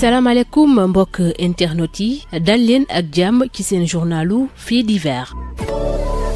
salaamaaleykum mbokk internautes yi dal leen ak jàmm ci seen fii di divers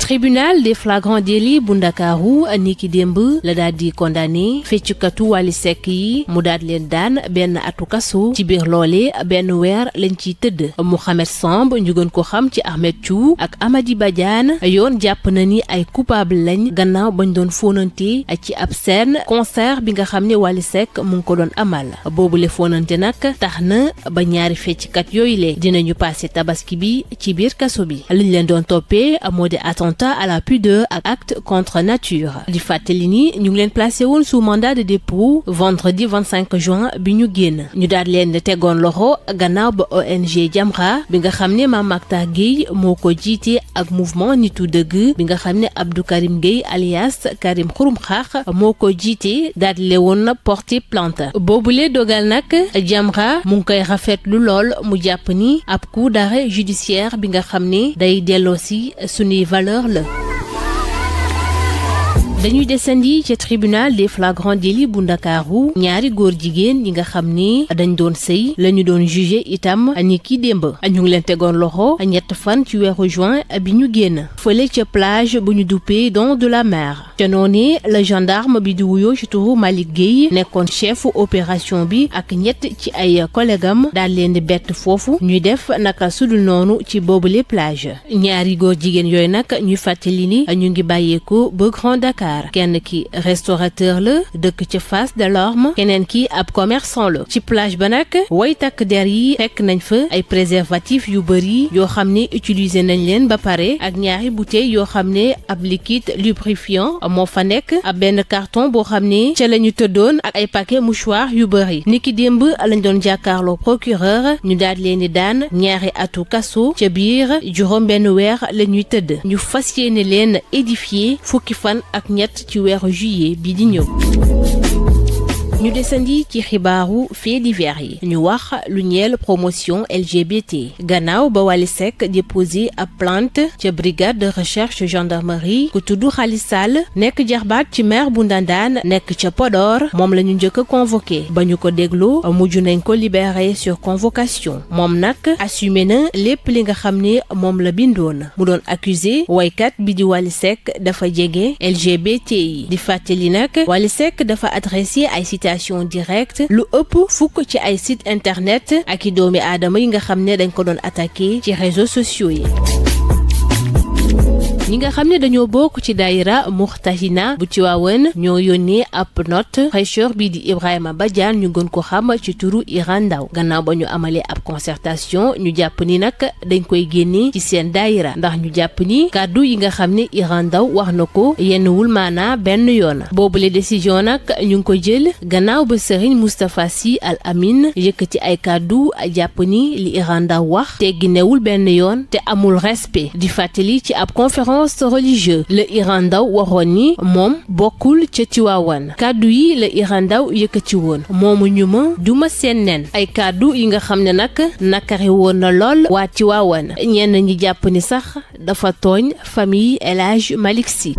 tribunal de flagrants délits bu ndakaaru ni ki démb la daal di condamné feccukatu Wally Seck yi mu daat leen daan benn atu kasu ci biir loole benn weer lañ ciy tëdd mu Mouhamed Samb ñu gën ko xam ci Ahmed Thiou ak ba Badiane yoon jàpp na ni ay coupable lañ gannaaw bañ doon fóonante ci ab scène concert bi nga xam ne Wally Seck mu ngi ko doon amal boobu boobule fóonante nag tax na ba ñaari fecckat yooyu le dinañu passé tabaski bi ci biir kaso bi liñ leen attentat à la pudeur ak acte contre nature di fàttali ni ñu ngi leen su woon sous mandat de dépôt vendredi 25 juin bi ñu génn ñu daal leen tegoon loxo gannaaw ba ONG Jamra bi nga xam ne Mame Mactar Guèye moo ko jiite ak mouvement nitu dëgg bi nga xam ne Abdou Karim Guèye alias Karim Xurum Xaax moo ko jiite daal le woon porté boobu boobule dogal nag Jamra mu ngi koy rafetlu lool mu jàpp ni ab coup d'arrêt judiciaire bi nga xam ne day delloo si suñuy valeur la dañuy desandi ca tribunal des flagrants délits bu ndakaaru ñaari góor jigéen yi nga xam ni dañ doon sëy la ñu doon jugé itam ni ki démb ñu ngi leen tegoon loxo ñett fan ci weeru juin bi ñu génn fële ca plage bu ñu duppee don de la mer ca noonee la gendarme bi di wuyoo ci turu Malick Guèye nekkoon chef opération bi ak ñett ci ay collègue am daal leen di bett foofu ñuy def naka sudul noonu ci boobu boobule plage ñaari góor jigéen yooyu nag ñuy fàttali ni ñu ngi bàyyeeko Dakar kenn ki restaurateur la dëkk ca Fass Delorme keneen ki ab commerçant la ci plage ba nag way takk der yi fekk nañ fa ay préservatifs yu bëri yoo xam ne utiliser nañ leen ba pare ak ñaari bouteilles yoo xam ne ab liquide lubrifiant moo fa nekk ab benn carton boo xam ne ca la ñu tëddoon ak ay paquet mouchoir yu bëri ki démb lañ doon jàkkaarloo procureur ñu daal leen di daan ñaari atu kaso ca biir juróom benn weer la ñuy tëdd ñu fas yéene leen édifier ñett ci weeru juillet bi di ñëw ñu desandi ci xibaaru faits divers yi ñu wax lu ñeel promotion LGBT ganaaw ba Wally Seck déposé ab plainte ca brigade de recherche gendarmerie ku tuddu Khali Sall nekk jarbaat ci maire bu Ndandaan nekk ca Podor moom la ñu njëkk a ba ñu ko déglu mujj nañ ko libéré sur convocation moom nag assume na lépp li nga xam ni moom la bindoon mu doon accusé waykat bi di Wally Seck dafa jege LGBT yi di fàttali nag Wally Seck dafa adressé ay citation communication directe lu ëpp fukk ci ay site internet ak i doomi aadama yi nga xam ne dañ ko doon attaqué ci réseaux sociaux yi ñi nga xam ne dañoo bokk ci daayira Muxtahina bu ci Tiwaawan ñoo yónnee ab note prêcheur bii di Ibrahima Badiane ñu gën ko xam ci turu Iran Ndao gannaaw ba ñu amalee ab concertation ñu jàpp ni nag dañ koy génnee ci seen daayira ndax ñu jàpp ni kàddu yi nga xam ne Iran Ndao wax na ko yennuwul maanaa benn yoon boobu boobule décision nag ñu ngi ko jël gannaaw ba Serigne Moustapha si Al Amin ci ay kàddu jàpp ni li Iran Ndao wax tegginewul benn yoon te amul respect di sens religieux la Iran Ndaw waxoon ni moom bokkul ca Tiwaawan kàddu yi la Iran Ndaw yëkkati woon moomu ñu ma du ma seen nen ay kàddu yi nga xam ne nag nakari woon na lool waa Tiwaawan ñenn ñi jàpp ni sax dafa tooñ famille El Hadj Malick Sy